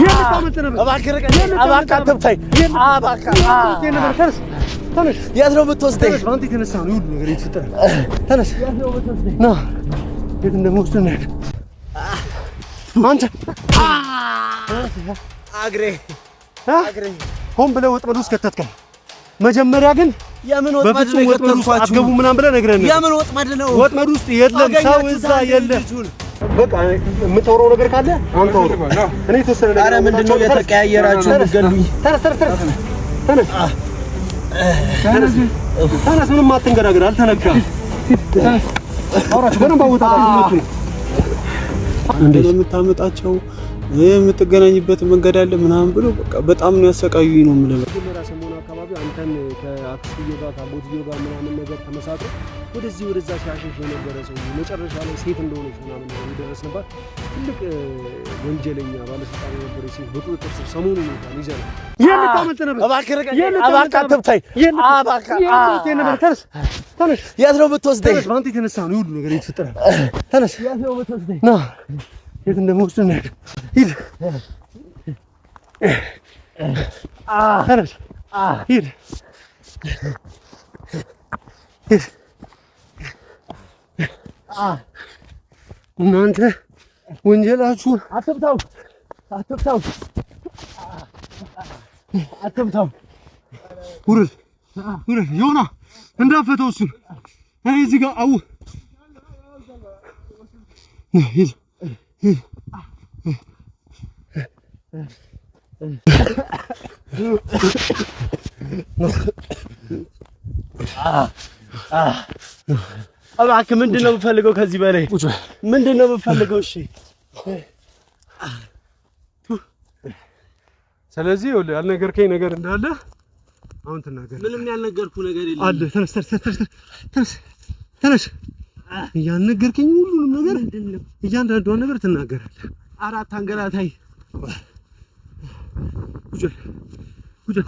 የት ነው የምትወስደኝ? አንተ አግሬ አግሬ ሆን ብለህ ወጥመድ ውስጥ ከተትከኝ። መጀመሪያ ግን የምን ወጥመድ ነው? አትገቡ ምናምን ብለህ ነግረህ ነው። የምን ወጥመድ ነው? ወጥመድ ውስጥ የለም። ሰው እዛ የለም። በቃ የምታወራው ነገር ካለ አንተ አውራ። እኔ የተወሰነ ነገር አረ፣ ምንድን ነው የተቀያየራችሁ? ልትገሉኝ። ተነስ ተነስ ተነስ ተነስ ተነስ ምንም አትንገዳገድ፣ አልተነካም። አውራችሁ በደንብ የምታመጣቸው የምትገናኝበት መንገድ አለ ምናምን ብሎ በቃ በጣም ነው ያሰቃዩኝ ነው የምልህ አካባቢ አንተን ከአክስትዮ ጋር ከአጎትዮ ጋር ምናምን ነገር ተመሳቶ ወደዚህ ወደዛ ሲያሸሽ የነበረ ሰው መጨረሻ ላይ ሴት እንደሆነች ምናምን የደረስንባት ትልቅ ወንጀለኛ ባለስልጣን የነበረ ሴት በቁጥጥር ስር ሰሞኑ ይዛል ይዘል የት ነው በአንተ የተነሳ ነው ሁሉ ነገር የተፈጠረ። ተነስ። የት ተነስ Ah. Gir. Gir. እናንተ ወንጀላችሁ አትብታው አትብታው አትብታው። ውረድ ውረድ፣ ዮና እንዳፈተው እሱን። እኔ እዚህ ጋር አው ሂድ ሂድ እባክህ ምንድን ነው የምፈልገው? ከዚህ በላይ ምንድን ነው የምፈልገው? እሺ ስለዚህ ይኸውልህ ያልነገርከኝ ነገር እንዳለ አሁን ትናገር። ምንም ያልነገርኩህ ነገር የለም አለ። ተነስ ተነስ ተነስ። ያልነገርከኝ ሁሉንም ነገር እያንዳንዷን ነገር ትናገራለህ። አራት አንገላታይ 구절 구절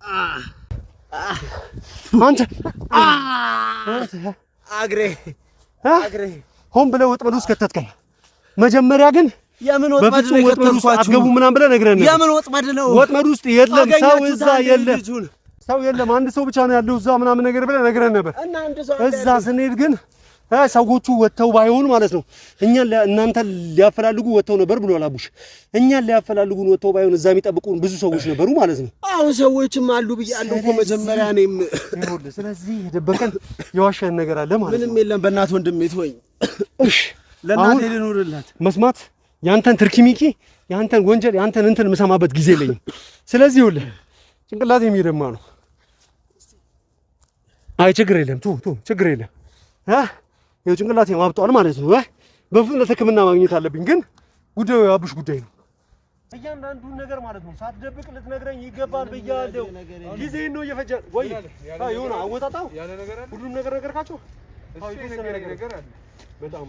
아. 아. አንተ አግሬ አግሬ ሆን ብለህ ወጥመድ ውስጥ ከተትከኝ። መጀመሪያ ግን የምን ወጥመድ ነው ከተትኳችሁ? አትገቡ ምናምን ብለህ ነግረን ነበር። የምን ወጥመድ ነው? ወጥመድ ውስጥ የለም ሰው እዛ የለም ሰው የለም አንድ ሰው ብቻ ነው ያለው እዛ ምናምን ነገር ብለህ ነግረን ነበር። እዛ ስንሄድ ግን ሰዎቹ ወጥተው ባይሆን ማለት ነው እኛ እናንተ ሊያፈላልጉ ወጥተው ነበር ብሏል አቡሽ። እኛ ሊያፈላልጉን ወጥተው ባይሆን እዛ የሚጠብቁን ብዙ ሰዎች ነበሩ ማለት ነው። አሁን ሰዎችም አሉ ብያለሁ እኮ መጀመሪያ እኔም። ስለዚህ የደበቀን የዋሸን ነገር አለ ማለት ነው። ምንም የለም። በእናት ወንድም ይትወኝ። እሺ ለእናቴ ልኖርላት መስማት ያንተን ትርኪሚኪ ያንተን ወንጀል ያንተን እንትን የምሰማበት ጊዜ የለኝም። ስለዚህ ይኸውልህ ጭንቅላት የሚደማ ነው። አይ ችግር የለም ቱ ቱ ችግር የለም። ይኸው ጭንቅላቴ ማብጧል ማለት ነው። በፍጥነት ሕክምና ማግኘት አለብኝ፣ ግን ጉዳዩ የአብሽ ጉዳይ ነው። እያንዳንዱን ነገር ማለት ነው ሳትደብቅ ልትነግረኝ ይገባል ብያለሁ። ጊዜ ነው እየፈጀ ወይ ይሁን አወጣጣው ሁሉም ነገር ነገርካቸው። በጣም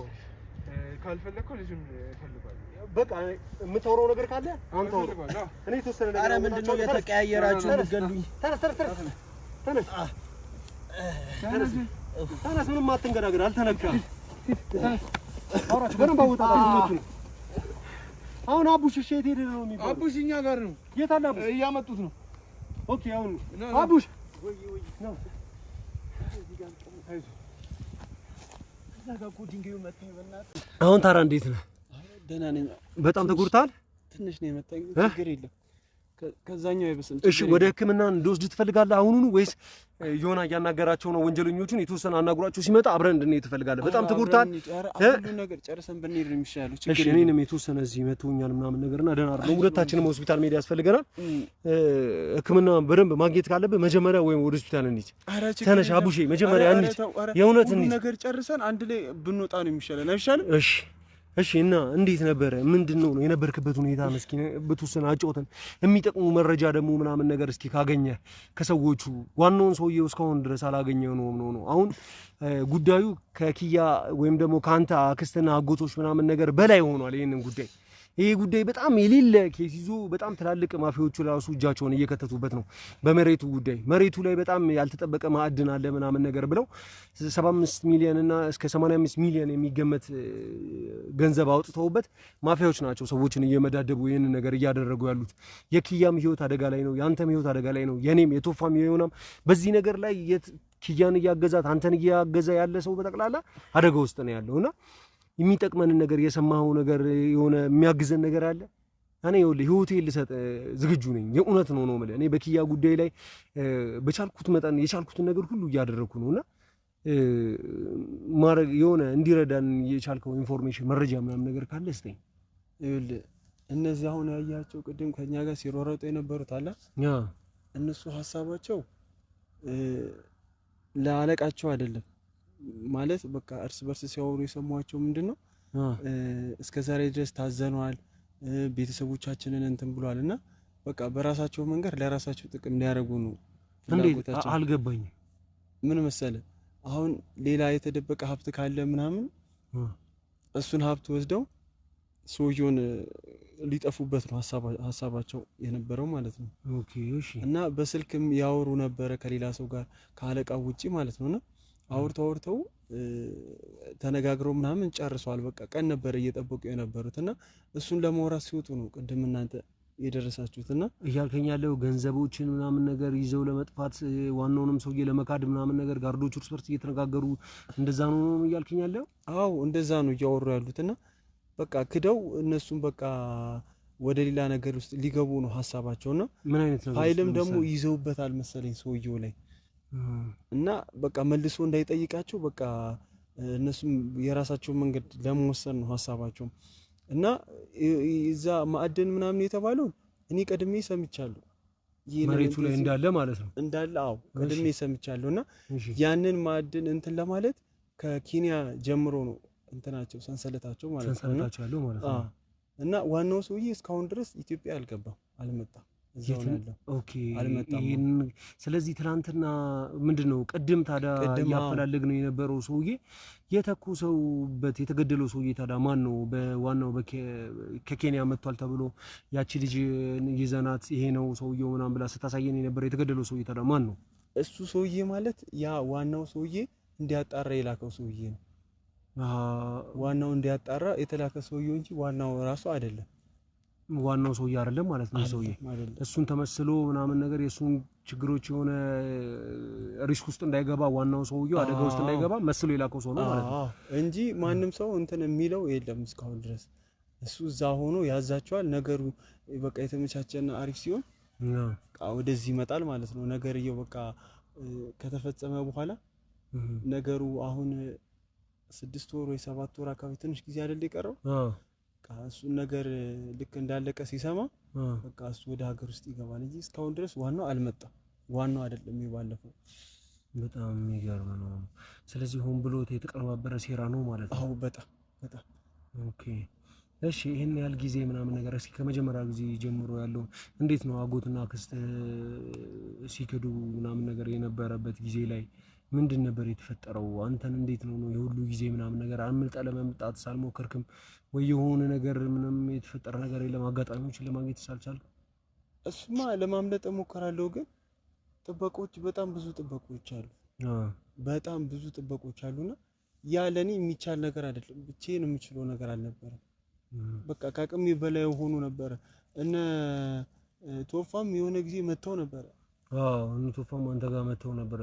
ካልፈለግከው ልጁን ፈልጓል። በቃ የምታወራው ነገር ካለ አንተ እኔ የተወሰነ ነገር ኧረ ምንድን ነው የተቀያየራችሁ? ገሉኝ። ተነስ ተነስ ተነስ ተነስ ታዲያስ ምንም አትንገዳገድ፣ አልተነካም። አሁን አቡሽ እሺ፣ የት ሄደህ ነው የሚባለው? አቡሽ እኛ ጋር ነው። የት አለ አቡሽ? እያመጡት ነው። ኦኬ፣ አሁን አቡሽ አሁን እንዴት ነህ? ደህና ነኝ። በጣም ተጎድተሃል? ትንሽ ነው የመጣኝ፣ ችግር የለም ከዛኛው አይበስም። እሺ ወደ ሕክምና እንድወስድ ትፈልጋለህ አሁኑኑ ወይስ ዮና እያናገራቸው ነው ወንጀለኞቹን? የተወሰነ አናግሯቸው ሲመጣ አብረን እንድንሄድ ትፈልጋለህ? በጣም ትጎርታል። ሁሉ ነገር ጨርሰን ብንሄድ ነው የሚሻለው። እሺ። እኔንም የተወሰነ እዚህ መቶኛል ምናምን ነገርና ደህና አይደለም። ሁለታችንም ሆስፒታል መሄድ ያስፈልገናል። ሕክምና በደንብ ማግኘት ካለብህ መጀመሪያ ወይም ወደ ሆስፒታል እንሂድ። ተነሽ አቡሼ፣ መጀመሪያ እንሂድ። የእውነት እንሂድ። ነገር ጨርሰን አንድ ላይ ብንወጣ ነው የሚሻለን። አይሻልም? እሺ እሺ እና እንዴት ነበረ? ምንድን ነው የነበርክበት ሁኔታ? እስኪ በተወሰነ አጫውተን፣ የሚጠቅሙ መረጃ ደግሞ ምናምን ነገር እስኪ ካገኘ ከሰዎቹ። ዋናውን ሰውዬው እስካሁን ድረስ አላገኘነውም ነው ነው። አሁን ጉዳዩ ከኪያ ወይም ደግሞ ከአንተ አክስትና አጎቶች ምናምን ነገር በላይ ሆኗል። ይህንን ጉዳይ ይሄ ጉዳይ በጣም የሌለ ኬስ ይዞ በጣም ትላልቅ ማፊያዎቹ ራሱ እጃቸውን እየከተቱበት ነው። በመሬቱ ጉዳይ መሬቱ ላይ በጣም ያልተጠበቀ ማዕድን አለ ምናምን ነገር ብለው 75 ሚሊዮን እና እስከ 85 ሚሊዮን የሚገመት ገንዘብ አውጥተውበት ማፊያዎች ናቸው ሰዎችን እየመዳደቡ ይህን ነገር እያደረጉ ያሉት። የኪያም ህይወት አደጋ ላይ ነው፣ የአንተም ህይወት አደጋ ላይ ነው፣ የኔም የቶፋም የሆናም በዚህ ነገር ላይ ኪያን እያገዛት አንተን እያገዛ ያለ ሰው በጠቅላላ አደጋ ውስጥ ነው ያለው እና የሚጠቅመንን ነገር የሰማው ነገር የሆነ የሚያግዘን ነገር አለ? እኔ ይኸውልህ ህይወቴ ልሰጥ ዝግጁ ነኝ። የእውነት ነው ነው የምልህ። እኔ በኪያ ጉዳይ ላይ በቻልኩት መጠን የቻልኩትን ነገር ሁሉ እያደረግኩ ነውና ማድረግ የሆነ እንዲረዳን የቻልከው ኢንፎርሜሽን መረጃ ምናምን ነገር ካለ እስጠኝ። ይኸውልህ እነዚህ አሁን ያያቸው ቅድም ከኛ ጋር ሲሮረጡ የነበሩት አለ እነሱ ሀሳባቸው ለአለቃቸው አይደለም ማለት በቃ እርስ በርስ ሲያወሩ የሰማቸው ምንድን ነው እስከ ዛሬ ድረስ ታዘነዋል፣ ቤተሰቦቻችንን እንትን ብሏል እና በቃ በራሳቸው መንገድ ለራሳቸው ጥቅም ሊያደርጉ ነው። አልገባኝም። ምን መሰለ አሁን ሌላ የተደበቀ ሀብት ካለ ምናምን እሱን ሀብት ወስደው ሰውየውን ሊጠፉበት ነው ሀሳባቸው የነበረው ማለት ነው። እና በስልክም ያወሩ ነበረ ከሌላ ሰው ጋር ከአለቃው ውጪ ማለት ነው ነው አውርቶ አውርተው ተነጋግረው ምናምን ጨርሰዋል። በቃ ቀን ነበር እየጠበቁ የነበሩት እና እሱን ለማውራት ሲወጡ ነው ቅድም እናንተ የደረሳችሁት እና እያልከኝ ያለው ገንዘቦችን ምናምን ነገር ይዘው ለመጥፋት ዋናውንም ሰውዬ ለመካድ ምናምን ነገር ጋርዶች እርስ በርስ እየተነጋገሩ እንደዛ ነው ነው እያልከኝ ያለው? አዎ እንደዛ ነው እያወሩ ያሉት እና በቃ ክደው እነሱም በቃ ወደ ሌላ ነገር ውስጥ ሊገቡ ነው ሀሳባቸውና ምን አይነት ነው ፋይልም ደግሞ ይዘውበታል መሰለኝ ሰውየው ላይ እና በቃ መልሶ እንዳይጠይቃቸው በቃ እነሱም የራሳቸውን መንገድ ለመወሰን ነው ሀሳባቸው እና እዛ ማዕድን ምናምን የተባለው እኔ ቀድሜ ሰምቻለሁ። መሬቱ ላይ እንዳለ ማለት ነው እንዳለ አዎ፣ ቀድሜ ሰምቻለሁ። እና ያንን ማዕድን እንትን ለማለት ከኬንያ ጀምሮ ነው እንትናቸው ሰንሰለታቸው ማለት ነው እና ዋናው ሰውዬ እስካሁን ድረስ ኢትዮጵያ አልገባም አልመጣም። ስለዚህ ትናንትና ምንድን ነው ቅድም ታዲያ እያፈላለግ ነው የነበረው ሰውዬ የተኮሰውበት የተገደለው ሰውዬ ታዲያ ማን ነው? በዋናው ከኬንያ መጥቷል ተብሎ ያቺ ልጅ ይዘናት ይሄ ነው ሰውዬው ምናምን ብላ ስታሳየን የነበረው የተገደለው ሰውዬ ታዲያ ማን ነው? እሱ ሰውዬ ማለት ያ ዋናው ሰውዬ እንዲያጣራ የላከው ሰውዬ ነው። ዋናው እንዲያጣራ የተላከ ሰውዬው እንጂ ዋናው ራሱ አይደለም። ዋናው ሰውዬ አይደለም ማለት ነው። ሰውዬ እሱን ተመስሎ ምናምን ነገር የእሱን ችግሮች የሆነ ሪስክ ውስጥ እንዳይገባ ዋናው ሰውዬው አደጋ ውስጥ እንዳይገባ መስሎ የላከው ሰው ነው ማለት ነው እንጂ ማንም ሰው እንትን የሚለው የለም እስካሁን ድረስ። እሱ እዛ ሆኖ ያዛቸዋል። ነገሩ በቃ የተመቻቸና አሪፍ ሲሆን ወደዚህ ይመጣል ማለት ነው። ነገርየው በቃ ከተፈጸመ በኋላ ነገሩ አሁን ስድስት ወር ወይ ሰባት ወር አካባቢ ትንሽ ጊዜ አይደል የቀረው በቃ እሱን ነገር ልክ እንዳለቀ ሲሰማ በቃ እሱ ወደ ሀገር ውስጥ ይገባል እንጂ እስካሁን ድረስ ዋናው አልመጣም። ዋናው አይደለም የባለፈው። በጣም የሚገርም ነው። ስለዚህ ሆን ብሎ የተቀነባበረ ሴራ ነው ማለት ነው። አዎ በጣም በጣም ኦኬ። እሺ ይህን ያህል ጊዜ ምናምን ነገር እስኪ ከመጀመሪያ ጊዜ ጀምሮ ያለው እንዴት ነው? አጎትና ክስት ሲክዱ ምናምን ነገር የነበረበት ጊዜ ላይ ምንድን ነበር የተፈጠረው? አንተን እንዴት ነው ነው የሁሉ ጊዜ ምናምን ነገር አምልጠ ለመምጣት ሳልሞከርክም ወይ የሆነ ነገር ምንም የተፈጠረ ነገር የለም? አጋጣሚዎችን ለማግኘት ሳልቻልክ? እሱማ ለማምለጥ እሞክራለሁ፣ ግን ጥበቆች በጣም ብዙ ጥበቆች አሉ፣ በጣም ብዙ ጥበቆች አሉና ያ ለእኔ የሚቻል ነገር አይደለም። ብቻዬን የምችለው ነገር አልነበረም። በቃ ከአቅሜ በላይ ሆኖ ነበረ። እነ ቶፋም የሆነ ጊዜ መጥተው ነበረ ቶፋም አንተ ጋር መተው ነበረ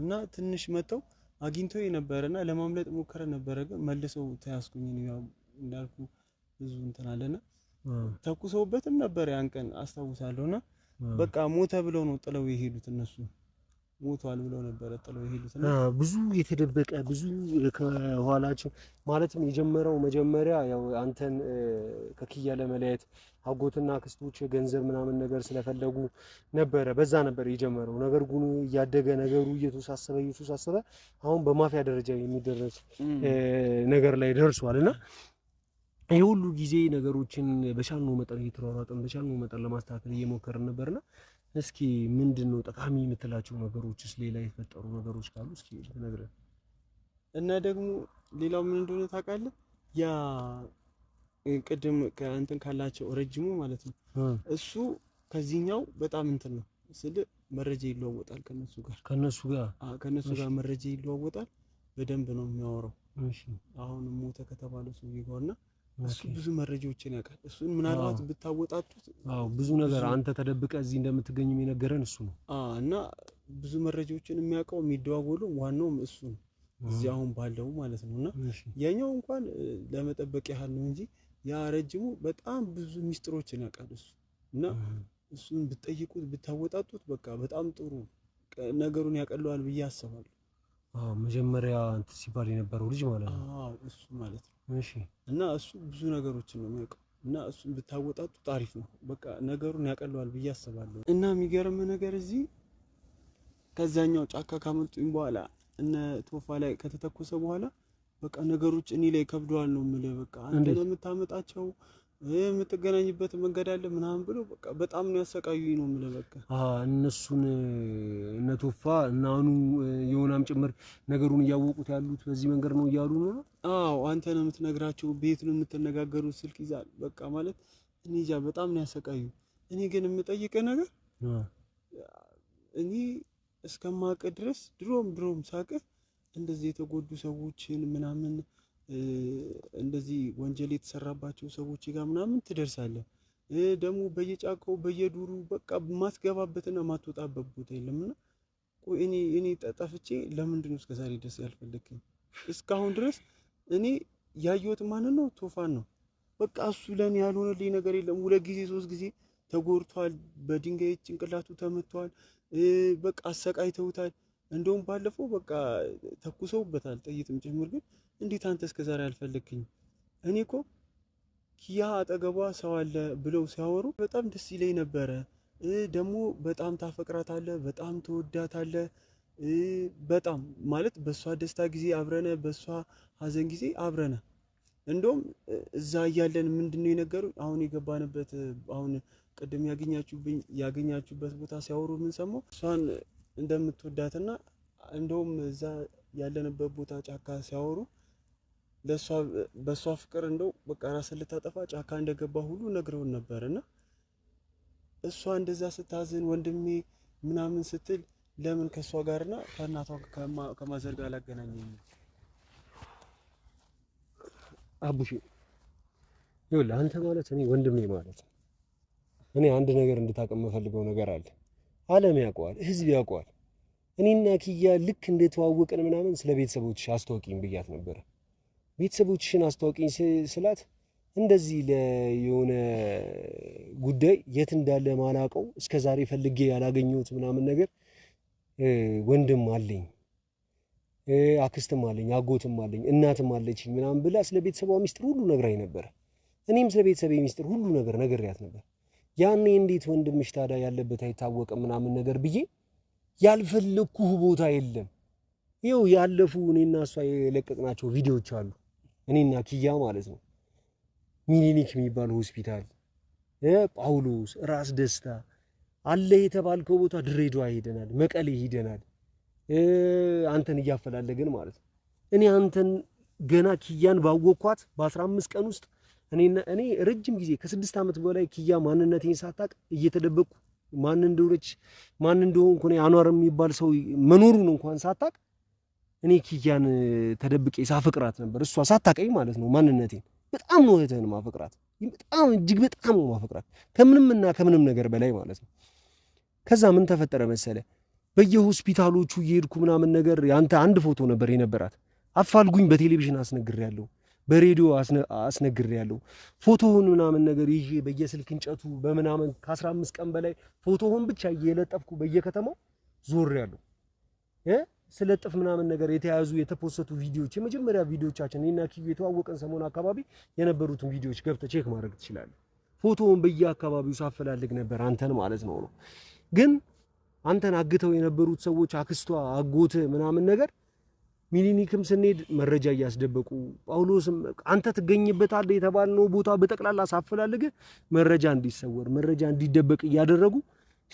እና ትንሽ መተው አግኝተው ነበረ እና ለማምለጥ ሞከረ ነበረ፣ ግን መልሰው ተያዝኩኝ። እንዳልኩ ብዙ እንትን አለና ተኩሰውበትም ነበር ያን ቀን አስታውሳለሁና፣ በቃ ሞተ ብለው ነው ጥለው የሄዱት እነሱ። ሞቷል ብለው ነበረ ጥለው የሄዱት። ብዙ የተደበቀ ብዙ ከኋላቸው ማለትም የጀመረው መጀመሪያ ያው አንተን ከክያ ለመለየት አጎትና ክስቶች ገንዘብ ምናምን ነገር ስለፈለጉ ነበረ። በዛ ነበር የጀመረው ነገር ጉኑ እያደገ ነገሩ እየተወሳሰበ እየተወሳሰበ አሁን በማፊያ ደረጃ የሚደረስ ነገር ላይ ደርሷል እና ይህ ሁሉ ጊዜ ነገሮችን በቻልነው መጠን እየተሯሯጥን በቻልነው መጠን ለማስተካከል እየሞከርን ነበርና እስኪ ምንድን ነው ጠቃሚ የምትላቸው ነገሮችስ ሌላ የተፈጠሩ ነገሮች ካሉ እስኪ ትነግረን እና ደግሞ ሌላው ምን እንደሆነ ታውቃለህ? ያ ቅድም ከእንትን ካላቸው ረጅሙ ማለት ነው እሱ ከዚህኛው በጣም እንትን ነው ስል መረጃ ይለዋወጣል ከነሱ ጋር ከነሱ ጋር ከነሱ ጋር መረጃ ይለዋወጣል። በደንብ ነው የሚያወራው። እሺ አሁን ሞተ ከተባለ ሰውዬ ጋር እና እሱ ብዙ መረጃዎችን ያውቃል። እሱን ምናልባት ብታወጣጡት፣ አዎ ብዙ ነገር አንተ ተደብቀ እዚህ እንደምትገኝም የነገረን እሱ ነው እና ብዙ መረጃዎችን የሚያውቀው የሚደዋወሉ ዋናውም እሱ ነው እዚህ አሁን ባለው ማለት ነው። እና የኛው እንኳን ለመጠበቅ ያህል ነው እንጂ ያ ረጅሙ በጣም ብዙ ሚስጥሮችን ያውቃል እሱ እና እሱን ብትጠይቁት ብታወጣጡት፣ በቃ በጣም ጥሩ ነገሩን ያቀለዋል ብዬ አስባለሁ። መጀመሪያ ሲባል የነበረው ልጅ ማለት ነው። አዎ እሱ ማለት ነው። እና እሱ ብዙ ነገሮችን ነው የሚያውቀው እና እሱ ብታወጣጡ አሪፍ ነው። በቃ ነገሩን ያቀለዋል ብዬ አስባለሁ። እና የሚገርም ነገር እዚህ ከዛኛው ጫካ ካመጡኝ በኋላ እነ ቶፋ ላይ ከተተኮሰ በኋላ በቃ ነገሮች እኔ ላይ ከብደዋል ነው የምልህ። በቃ አንተ ለምታመጣቸው የምትገናኝበት መንገድ አለ ምናምን ብሎ በቃ በጣም ነው ያሰቃዩኝ። ነው የምልህ በቃ እነሱን እነ ቶፋ እና አኑ የሆናም ጭምር ነገሩን እያወቁት ያሉት በዚህ መንገድ ነው እያሉ ነው። አዎ አንተ ነው የምትነግራቸው፣ ቤት ነው የምትነጋገሩት፣ ስልክ ይዛል። በቃ ማለት እኔ እንጃ በጣም ነው ያሰቃዩ። እኔ ግን የምጠይቅህ ነገር እኔ እስከማውቅህ ድረስ ድሮም ድሮም ሳቅህ እንደዚህ የተጎዱ ሰዎችን ምናምን እንደዚህ ወንጀል የተሰራባቸው ሰዎች ጋር ምናምን ትደርሳለህ። ደግሞ በየጫካው በየዱሩ በቃ ማትገባበትና ማትወጣበት ቦታ የለም እኔ እኔ ጠጠፍቼ ለምንድን ነው እስከዛሬ ድረስ ያልፈለግከኝ? እስካሁን ድረስ እኔ ያየሁት ማንን ነው? ቶፋን ነው። በቃ እሱ ለእኔ ያልሆነልኝ ነገር የለም። ሁለት ጊዜ ሶስት ጊዜ ተጎድቷል፣ በድንጋይ ጭንቅላቱ ተመቷል። በቃ አሰቃይተውታል። እንደውም ባለፈው በቃ ተኩሰውበታል ጥይትም ጭምር። ግን እንዴት አንተ እስከዛሬ አልፈለክኝ? እኔ እኮ ኪያ አጠገቧ ሰው አለ ብለው ሲያወሩ በጣም ደስ ይለኝ ነበረ። ደግሞ በጣም ታፈቅራት አለ በጣም አለ በጣም ማለት በእሷ ደስታ ጊዜ አብረነ፣ በእሷ ሀዘን ጊዜ አብረነ። እንደውም እዛ እያለን ምንድን ነው የነገሩ አሁን የገባንበት አሁን ቅድም ያገኛችሁብኝ ያገኛችሁበት ቦታ ሲያወሩ ምን ሰማሁ እሷን እንደምትወዳትና እንደውም እዛ ያለንበት ቦታ ጫካ ሲያወሩ ለሷ በሷ ፍቅር እንደው በቃ ራስን ልታጠፋ ጫካ እንደገባ ሁሉ ነግረውን ነበር እና እሷ እንደዛ ስታዝን ወንድሜ ምናምን ስትል ለምን ከእሷ ጋርና ከእናቷ ከማዘር ጋር አላገናኘኝ? አቡሽ ይኸውልህ፣ አንተ ማለት እኔ ወንድሜ ማለት እኔ አንድ ነገር እንድታውቅ የምፈልገው ነገር አለ። ዓለም ያውቀዋል፣ ህዝብ ያውቀዋል። እኔና ኪያ ልክ እንደተዋወቅን ምናምን ስለ ቤተሰቦችሽ አስታወቂኝ ብያት ነበረ። ቤተሰቦችሽን አስታወቂኝ ስላት እንደዚህ ለየሆነ ጉዳይ የት እንዳለ ማላውቀው እስከ ዛሬ ፈልጌ ያላገኘሁት ምናምን ነገር ወንድም አለኝ አክስትም አለኝ አጎትም አለኝ እናትም አለችኝ ምናምን ብላ ስለ ቤተሰቧ ሚስጥር ሁሉ ነግራኝ ነበረ። እኔም ስለ ቤተሰቤ ሚስጥር ሁሉ ነገር ነግሬያት ነበር። ያኔ እንዴት ወንድምሽ ታዲያ ያለበት አይታወቅም ምናምን ነገር ብዬ ያልፈለግኩህ ቦታ የለም። ይኸው ያለፉ እኔና እሷ የለቀቅናቸው ቪዲዮዎች አሉ። እኔና ኪያ ማለት ነው። ሚኒሊክ የሚባል ሆስፒታል፣ ጳውሎስ፣ ራስ ደስታ አለ የተባልከው ቦታ ድሬዳዋ ሄደናል፣ መቀሌ ሄደናል። አንተን እያፈላለግን ማለት ነው። እኔ አንተን ገና ኪያን ባወቅኳት በአስራ አምስት ቀን ውስጥ እኔ ረጅም ጊዜ ከስድስት ዓመት በላይ ኪያ ማንነቴን ሳታቅ እየተደበቅኩ ማን እንደሆነች ማን እንደሆንኩ እኔ አኗር የሚባል ሰው መኖሩን እንኳን ሳታቅ እኔ ኪያን ተደብቄ ሳፈቅራት ነበር። እሷ ሳታቀኝ ማለት ነው ማንነቴን። በጣም ነው እህትህን ማፈቅራት፣ በጣም እጅግ በጣም ነው ማፈቅራት፣ ከምንምና እና ከምንም ነገር በላይ ማለት ነው። ከዛ ምን ተፈጠረ መሰለ፣ በየሆስፒታሎቹ እየሄድኩ ምናምን ነገር ያንተ አንድ ፎቶ ነበር የነበራት። አፋልጉኝ በቴሌቪዥን አስነግሬያለሁ በሬዲዮ አስነግር ያለው ፎቶውን ምናምን ነገር ይዤ በየስልክ እንጨቱ በምናምን ከ15 ቀን በላይ ፎቶውን ብቻ እየለጠፍኩ በየከተማው ዞር ያለው እ ስለጥፍ ምናምን ነገር የተያዙ የተፖሰቱ ቪዲዮዎች የመጀመሪያ ቪዲዮቻችን እና ኪዩ የተዋወቀን ሰሞን አካባቢ የነበሩትን ቪዲዮዎች ገብተ ቼክ ማድረግ ትችላለህ። ፎቶውን በየአካባቢው ሳፈላልግ ነበር አንተን ማለት ነው ነው ግን አንተን አግተው የነበሩት ሰዎች አክስቷ አጎት ምናምን ነገር ሚሊኒክም ስንሄድ መረጃ እያስደበቁ ጳውሎስም አንተ ትገኝበታለህ የተባልነው ቦታ በጠቅላላ ሳፈላልገ መረጃ እንዲሰወር መረጃ እንዲደበቅ እያደረጉ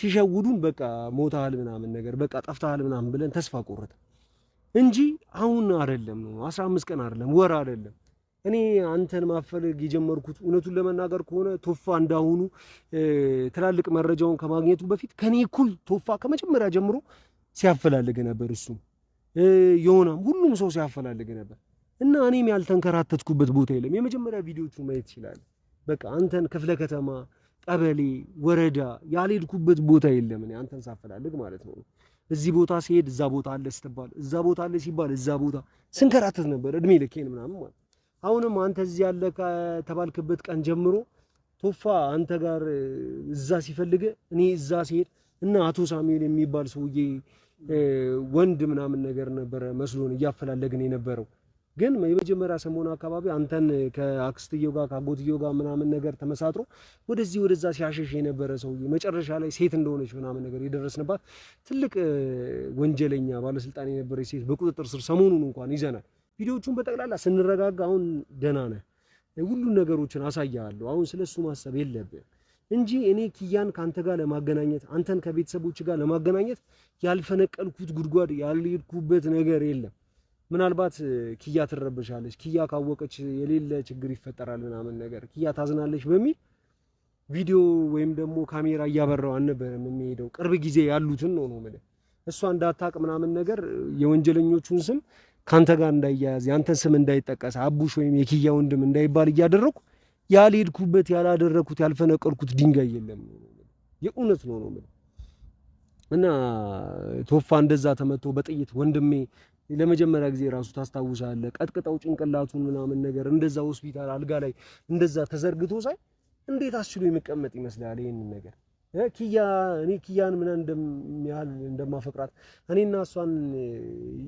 ሲሸውዱን፣ በቃ ሞታል ምናምን ነገር በቃ ጠፍታል ምናምን ብለን ተስፋ ቆረጠ እንጂ አሁን አይደለም ነው። አስራ አምስት ቀን አይደለም ወር አይደለም። እኔ አንተን ማፈለግ የጀመርኩት እውነቱን ለመናገር ከሆነ ቶፋ እንዳሁኑ ትላልቅ መረጃውን ከማግኘቱ በፊት ከኔ እኩል ቶፋ ከመጀመሪያ ጀምሮ ሲያፈላልገ ነበር እሱ የሆነም ሁሉም ሰው ሲያፈላልግ ነበር እና እኔም ያልተንከራተትኩበት ቦታ የለም። የመጀመሪያ ቪዲዮቹ ማየት ይችላል። በቃ አንተን ክፍለ ከተማ፣ ቀበሌ፣ ወረዳ ያልሄድኩበት ቦታ የለም። እኔ አንተን ሳፈላልግ ማለት ነው። እዚህ ቦታ ሲሄድ እዛ ቦታ አለ ስትባል እዛ ቦታ አለ ሲባል እዛ ቦታ ስንከራተት ነበር እድሜ ልኬን ምናምን ማለት አሁንም አንተ እዚህ ያለ ከተባልክበት ቀን ጀምሮ ቶፋ አንተ ጋር እዛ ሲፈልግ እኔ እዛ ሲሄድ እና አቶ ሳሙኤል የሚባል ሰውዬ ወንድ ምናምን ነገር ነበረ መስሎን እያፈላለግን የነበረው ግን የመጀመሪያ ሰሞኑ አካባቢ አንተን ከአክስትዮ ጋር ከአጎትዮ ጋር ምናምን ነገር ተመሳጥሮ ወደዚህ ወደዛ ሲያሸሽ የነበረ ሰውዬ መጨረሻ ላይ ሴት እንደሆነች ምናምን ነገር የደረስንባት ትልቅ ወንጀለኛ ባለስልጣን የነበረች ሴት በቁጥጥር ስር ሰሞኑን እንኳን ይዘናል። ቪዲዮቹን በጠቅላላ ስንረጋጋ አሁን ደህና ነህ፣ ሁሉን ነገሮችን አሳያለሁ። አሁን ስለሱ ማሰብ የለብህ እንጂ እኔ ኪያን ካንተ ጋር ለማገናኘት አንተን ከቤተሰቦች ጋር ለማገናኘት ያልፈነቀልኩት ጉድጓድ ያልሄድኩበት ነገር የለም። ምናልባት ኪያ ትረበሻለች፣ ኪያ ካወቀች የሌለ ችግር ይፈጠራል ምናምን ነገር ኪያ ታዝናለች በሚል ቪዲዮ ወይም ደግሞ ካሜራ እያበራው አልነበረም የሚሄደው። ቅርብ ጊዜ ያሉትን ነው ነው ምለ እሷ እንዳታቅ ምናምን ነገር የወንጀለኞቹን ስም ካንተ ጋር እንዳያያዝ፣ ያንተን ስም እንዳይጠቀስ፣ አቡሽ ወይም የኪያ ወንድም እንዳይባል እያደረኩ ያልሄድኩበት ያላደረኩት ያልፈነቀልኩት ድንጋይ የለም። የእውነት ነው ነው እና ቶፋ እንደዛ ተመቶ በጥይት ወንድሜ ለመጀመሪያ ጊዜ ራሱ ታስታውሳለህ፣ ቀጥቅጠው ጭንቅላቱን ምናምን ነገር እንደዛ ሆስፒታል አልጋ ላይ እንደዛ ተዘርግቶ ሳይ እንዴት አስችሎ የሚቀመጥ ይመስላል ይህንን ነገር ኪያ እኔ ኪያን ምን እንደሚያህል እንደማፈቅራት እኔና እሷን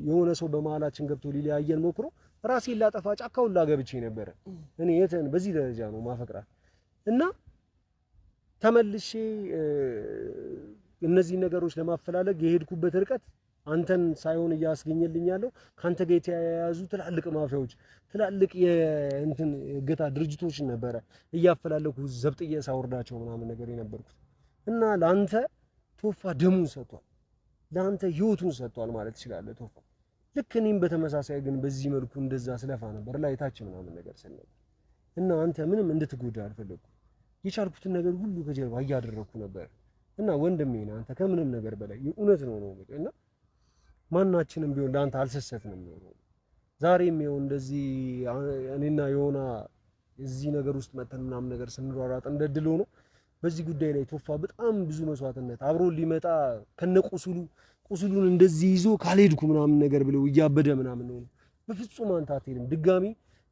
የሆነ ሰው በመሀላችን ገብቶ ሊለያየን ሞክሮ ራሴን ላጠፋ ጫካውን ላገብቼ ገብቼ ነበረ። እኔ የትን በዚህ ደረጃ ነው ማፈቅራት እና ተመልሼ እነዚህ ነገሮች ለማፈላለግ የሄድኩበት ርቀት አንተን ሳይሆን እያስገኘልኝ ያለው ከአንተ ጋር የተያያዙ ትላልቅ ማፊያዎች፣ ትላልቅ የእንትን እገታ ድርጅቶች ነበረ እያፈላለኩ ዘብጥዬ ሳወርዳቸው ምናምን ነገር የነበርኩት እና ለአንተ ቶፋ ደሙን ሰጥቷል፣ ለአንተ ህይወቱን ሰጥቷል ማለት ይችላል ቶፋ ልክ እኔም በተመሳሳይ ግን በዚህ መልኩ እንደዛ ስለፋ ነበር ላይታች ምናምን ነገር ስለነበር እና አንተ ምንም እንድትጎዳ አልፈለኩም። የቻልኩትን ነገር ሁሉ ከጀርባ እያደረኩ ነበር እና ወንድሜ ነህ አንተ ከምንም ነገር በላይ የእውነት ነው ነው እና ማናችንም ቢሆን ለአንተ አልሰሰትንም ነው ነው ዛሬም ይኸው እንደዚህ እኔና የሆነ እዚህ ነገር ውስጥ መተን ምናምን ነገር ስንሯሯጥ እንደ ድል ሆኖ በዚህ ጉዳይ ላይ ቶፋ በጣም ብዙ መስዋዕትነት አብሮ ሊመጣ ከነቁስሉ ቁስሉን እንደዚህ ይዞ ካልሄድኩ ምናምን ነገር ብለው እያበደ ምናምን ነው። በፍጹም አንተ አትሄድም። ድጋሚ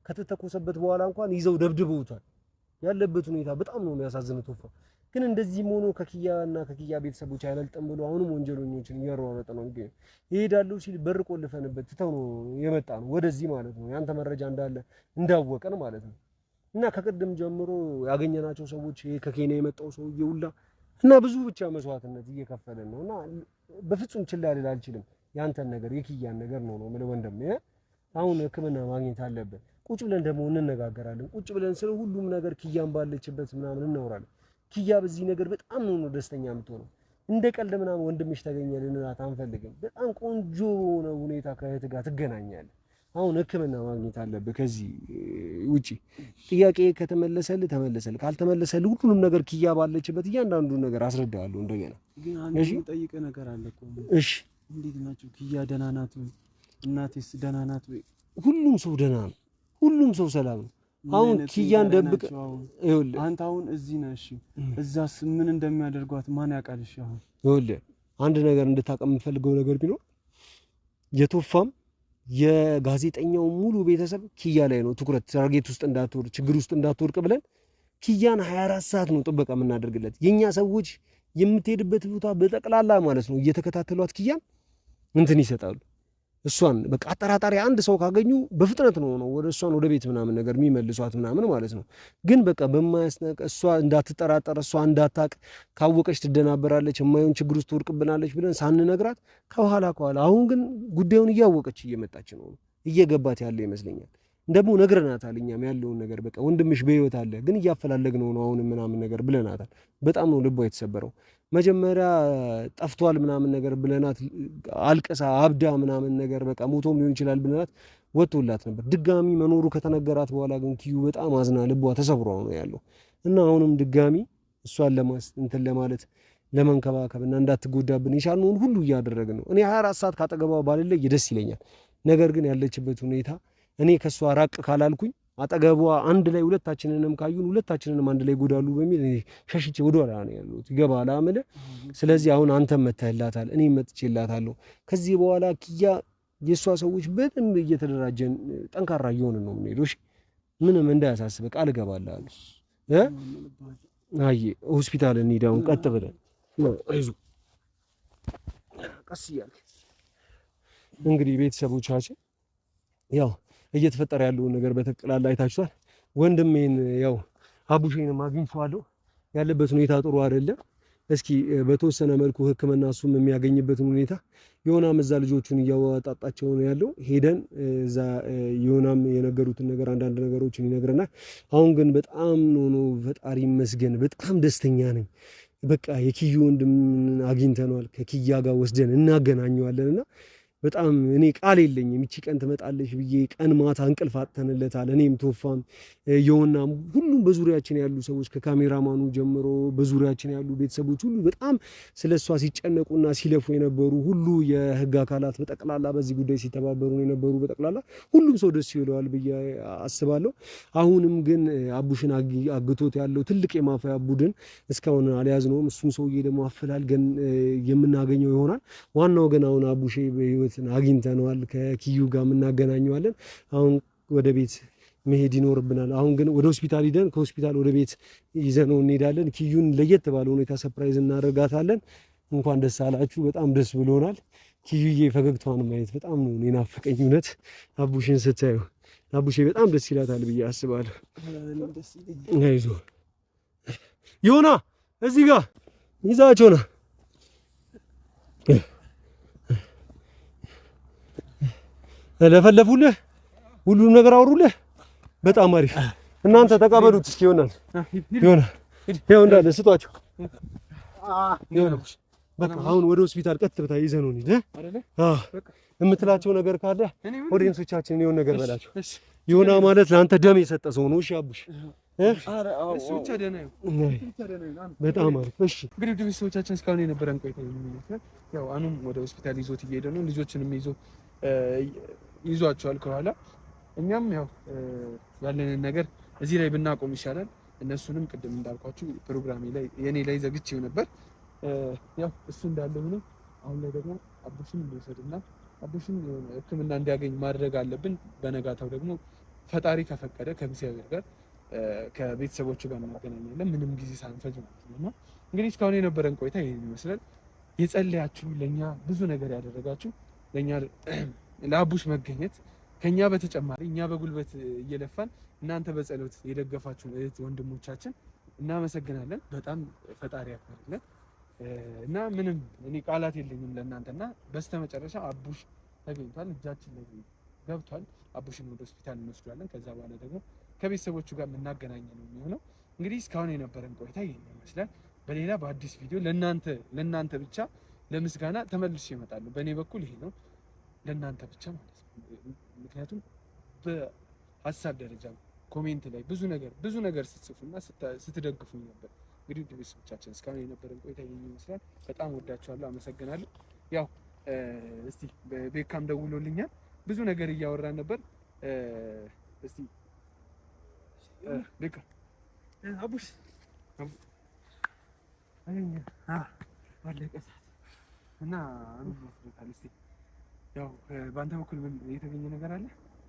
ከተተኮሰበት በኋላ እንኳን ይዘው ደብድበውታል። ያለበት ሁኔታ በጣም ነው የሚያሳዝን። ቶፋ ግን እንደዚህም ሆኖ ከኪያ እና ከኪያ ቤተሰቦች አያመልጥም ብሎ አሁንም ወንጀለኞችን እያሯረጠ ነው። እንግዲህ ይሄዳለሁ ሲል በር ቆልፈንበት ትተው ነው የመጣ ነው ወደዚህ ማለት ነው። ያንተ መረጃ እንዳለ እንዳወቀን ማለት ነው። እና ከቅድም ጀምሮ ያገኘናቸው ሰዎች ይሄ ከኬንያ የመጣው ሰውዬ ሁላ እና ብዙ ብቻ መስዋዕትነት እየከፈለን ነው እና በፍጹም ችላ ልል አልችልም። ያንተን ነገር የኪያን ነገር ነው ነው የምልህ ወንድሜ። አሁን ህክምና ማግኘት አለብን። ቁጭ ብለን ደግሞ እንነጋገራለን። ቁጭ ብለን ስለ ሁሉም ነገር ኪያን ባለችበት ምናምን እናወራለን። ኪያ በዚህ ነገር በጣም ነው ደስተኛ የምትሆነው። እንደ ቀልድ ምናምን ወንድምሽ ተገኘ ልንላት አንፈልግም። በጣም ቆንጆ በሆነ ሁኔታ ከእህት ጋር ትገናኛለህ። አሁን ህክምና ማግኘት አለብህ። ከዚህ ውጪ ጥያቄ ከተመለሰልህ ተመለሰልህ፣ ካልተመለሰልህ ሁሉንም ነገር ኪያ ባለችበት እያንዳንዱ ነገር አስረዳዋለሁ። እንደገና ግን አንድ ነገር አለ እኮ። እሺ፣ እንዴት ናቸው? ኪያ ደህና ናት ወይ? እናቴስ ደህና ናት ወይ? ሁሉም ሰው ደህና ነው። ሁሉም ሰው ሰላም ነው። አሁን ኪያን ደብቀህ ይኸውልህ፣ አንተ አሁን እዚህ ነህ። እሺ፣ እዛስ ምን እንደሚያደርጓት ማን ያውቃል? እሺ፣ አሁን ይኸውልህ፣ አንድ ነገር እንድታውቅ የምፈልገው ነገር ቢኖር የቶፋም የጋዜጠኛው ሙሉ ቤተሰብ ኪያ ላይ ነው ትኩረት ታርጌት ውስጥ እንዳትወድቅ ችግር ውስጥ እንዳትወድቅ ብለን ኪያን 24 ሰዓት ነው ጥበቃ የምናደርግለት። የእኛ ሰዎች የምትሄድበት ቦታ በጠቅላላ ማለት ነው እየተከታተሏት ኪያን እንትን ይሰጣሉ። እሷን በቃ አጠራጣሪ አንድ ሰው ካገኙ በፍጥነት ነው ነው ወደ እሷን ወደ ቤት ምናምን ነገር የሚመልሷት ምናምን ማለት ነው። ግን በቃ በማያስነቅ እሷ እንዳትጠራጠር እሷ እንዳታቅ ካወቀች ትደናበራለች፣ የማይሆን ችግር ውስጥ ትወድቅብናለች ብለን ሳንነግራት ከኋላ ከኋላ አሁን ግን ጉዳዩን እያወቀች እየመጣች ነው እየገባት ያለ ይመስለኛል። ደግሞ ነግረናታል፣ እኛም ያለውን ነገር በቃ ወንድምሽ በህይወት አለ ግን እያፈላለግ ነው ነው አሁን ምናምን ነገር ብለናታል። በጣም ነው ልቧ የተሰበረው። መጀመሪያ ጠፍቷል ምናምን ነገር ብለናት አልቀሳ አብዳ ምናምን ነገር በቃ ሞቶም ሊሆን ይችላል ብለናት ወጥቶላት ነበር። ድጋሚ መኖሩ ከተነገራት በኋላ ግን ኪዩ በጣም አዝና ልቧ ተሰብሮ ነው ያለው እና አሁንም ድጋሚ እሷን እንትን ለማለት ለመንከባከብ እና እንዳትጎዳብን የቻልነውን ሁሉ እያደረግን ነው። እኔ 24 ሰዓት ካጠገቧ ባልለይ ደስ ይለኛል። ነገር ግን ያለችበት ሁኔታ እኔ ከእሷ ራቅ ካላልኩኝ አጠገቧ አንድ ላይ ሁለታችንንም ካዩን ሁለታችንንም አንድ ላይ ይጎዳሉ በሚል ሸሽቼ ወደ ኋላ ነው ያሉት። ይገባሃል አመለ። ስለዚህ አሁን አንተ መተህላታል፣ እኔ መጥቼላታለሁ። ከዚህ በኋላ ኪያ የእሷ ሰዎች በደንብ እየተደራጀን ጠንካራ እየሆንን ነው የምንሄደው። እሺ ምንም እንዳያሳስበ ቃል እገባልሃለሁ። አይ ሆስፒታል እንሂድ አሁን ቀጥ ብለን አይዞህ፣ ቀስ እያልክ እንግዲህ ቤተሰቦቻችን ያው እየተፈጠረ ያለውን ነገር በጠቅላላ አይታችኋል። ወንድሜን ያው አቡሼንም አግኝቼዋለሁ። ያለበት ሁኔታ ጥሩ አይደለም። እስኪ በተወሰነ መልኩ ሕክምና እሱም የሚያገኝበትን ሁኔታ ዮናም እዛ ልጆቹን እያወጣጣቸው ነው ያለው። ሄደን እዛ ዮናም የነገሩትን ነገር አንዳንድ ነገሮችን ይነግረናል። አሁን ግን በጣም ሆኖ ፈጣሪ ይመስገን በጣም ደስተኛ ነኝ። በቃ የኪዩ ወንድም አግኝተነዋል። ከኪያ ጋር ወስደን እናገናኘዋለን እና በጣም እኔ ቃል የለኝም። ይቺ ቀን ትመጣለች ብዬ ቀን ማታ እንቅልፍ አጥተንለታል። እኔም ቶፋም የሆናም ሁሉም በዙሪያችን ያሉ ሰዎች ከካሜራማኑ ጀምሮ በዙሪያችን ያሉ ቤተሰቦች ሁሉ በጣም ስለ እሷ ሲጨነቁና ሲለፉ የነበሩ ሁሉ የህግ አካላት በጠቅላላ በዚህ ጉዳይ ሲተባበሩ የነበሩ በጠቅላላ ሁሉም ሰው ደስ ይለዋል ብዬ አስባለሁ። አሁንም ግን አቡሽን አግቶት ያለው ትልቅ የማፈያ ቡድን እስካሁን አልያዝነውም። እሱም ሰውዬ ደግሞ አፈላልገን የምናገኘው ይሆናል። ዋናው ግን አሁን አቡሼ ፍላጎትን አግኝተነዋል። ከኪዩ ጋር እናገናኘዋለን። አሁን ወደ ቤት መሄድ ይኖርብናል። አሁን ግን ወደ ሆስፒታል ሂደን ከሆስፒታል ወደ ቤት ይዘነው እንሄዳለን። ኪዩን ለየት ባለ ሁኔታ ሰፕራይዝ እናደርጋታለን። እንኳን ደስ አላችሁ። በጣም ደስ ብሎናል። ኪዩዬ ፈገግታዋን ማየት በጣም ነው የናፈቀኝ። እውነት አቡሽን ስታዩ አቡሽ በጣም ደስ ይላታል ብዬ አስባለሁ። አይዞ ዮና እዚህ ጋር ይዛቸው ና ለፈለፉልህ፣ ሁሉም ነገር አወሩልህ። በጣም አሪፍ። እናንተ ተቀበሉት እስኪ። ይሆናል ይሆናል፣ ይሄው እንዳለ ስጧቸው። በቃ አሁን ወደ ሆስፒታል ቀጥ ብታ ይዘህ ነው እንዴ? አህ የምትላቸው ነገር ካለ ኦዲየንሶቻችን የሆነ ነገር በላቸው። ይሆና ማለት ለአንተ ደም የሰጠ ሰው ነው። እሺ አቡሽ በጣም አሪፍ። እሺ እንግዲህ ውድ ቤተሰቦቻችን እስካሁን የነበረን ቆይታ ያው አኑም ወደ ሆስፒታል ይዞት እየሄደ ነው ልጆችንም ይዞ ይዟቸዋል ከኋላ። እኛም ያው ያለንን ነገር እዚህ ላይ ብናቆም ይሻላል። እነሱንም ቅድም እንዳልኳችሁ ፕሮግራሜ ላይ የኔ ላይ ዘግቼው ነበር። ያው እሱ እንዳለ ሆኖ አሁን ላይ ደግሞ አቡሽን እንወሰድና አቡሽን ሕክምና እንዲያገኝ ማድረግ አለብን። በነጋታው ደግሞ ፈጣሪ ከፈቀደ ከእግዚአብሔር ጋር ከቤተሰቦቹ ጋር እናገናኛለን፣ ምንም ጊዜ ሳንፈጅ ማለት ነው። እና እንግዲህ እስካሁን የነበረን ቆይታ ይህን ይመስላል። የጸለያችሁ ለእኛ ብዙ ነገር ያደረጋችሁ ለእኛ ለአቡሽ መገኘት ከኛ በተጨማሪ እኛ በጉልበት እየለፋን እናንተ በጸሎት የደገፋችሁን እህት ወንድሞቻችን እናመሰግናለን። በጣም ፈጣሪ ያክብርልን እና ምንም እኔ ቃላት የለኝም ለእናንተና በስተመጨረሻ አቡሽ ተገኝቷል፣ እጃችን ላይ ገብቷል። አቡሽን ወደ ሆስፒታል እንወስዷለን። ከዛ በኋላ ደግሞ ከቤተሰቦቹ ጋር የምናገናኝ ነው የሚሆነው። እንግዲህ እስካሁን የነበረን ቆይታ ይህን ይመስላል። በሌላ በአዲስ ቪዲዮ ለእናንተ ለእናንተ ብቻ ለምስጋና ተመልሼ እመጣለሁ። በእኔ በኩል ይሄ ነው። ለእናንተ ብቻ ማለት ነው። ምክንያቱም በሀሳብ ደረጃ ኮሜንት ላይ ብዙ ነገር ብዙ ነገር ስትጽፉና ስትደግፉኝ ነበር። እንግዲህ ውድ ቤተሰቦቻችን እስካሁን የነበረን ቆይታ ይህን ይመስላል። በጣም ወዳችኋለሁ፣ አመሰግናለሁ። ያው እስቲ ቤካም ደውሎልኛል፣ ብዙ ነገር እያወራን ነበር። እስቲ ቤካ አቡሽ አለቀ እና አንዱ ያው በአንተ በኩል ምን የተገኘ ነገር አለ?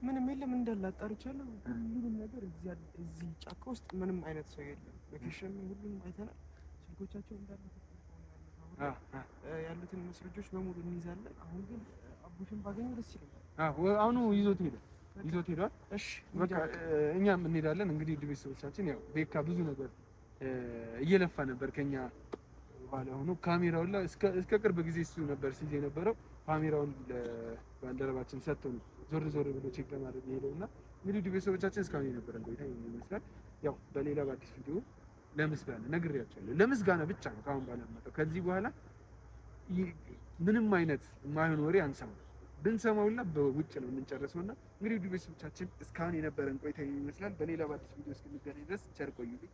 ምንም የለም። እንዳለ አጣርቻለሁ። ሁሉንም ነገር እዚህ ጫካ ውስጥ ምንም አይነት ሰው የለም። በኬሽም ሁሉንም አይተናል። ስልኮቻቸው እንዳለ ያሉትን መስረጆች በሙሉ እንይዛለን። አሁን ግን አቡሽን ባገኘ ደስ ይለኛል። አሁኑ ይዞት ሄደ ይዞት ሄዷል። እሺ በቃ እኛም እንሄዳለን። እንግዲህ ውድ ቤተሰቦቻችን ያው ቤካ ብዙ ነገር እየለፋ ነበር ከኛ ባለ ሆኖ ካሜራው ላይ እስከ ቅርብ ጊዜ እሱ ነበር ሲዜ የነበረው ካሜራውን ለባልደረባችን ሰጥቶን ዞር ዞር ብሎ ቼክ ለማድረግ የሄደው እና እንግዲህ ውድ ቤተሰቦቻችን እስካሁን የነበረን ቆይታ ይመስላል። ያው በሌላ በአዲስ ቪዲዮ ለምስጋና ነግሬያቸዋለሁ። ለምስጋና ብቻ ነው ከአሁን ባለመጠው ከዚህ በኋላ ምንም አይነት የማይሆን ወሬ አንሰማ ብንሰማውና በውጭ ነው የምንጨርሰው እና እንግዲህ ውድ ቤተሰቦቻችን እስካሁን የነበረን ቆይታ ይመስላል። በሌላ በአዲስ ቪዲዮ እስክንገናኝ ድረስ ቸር ቆዩልኝ።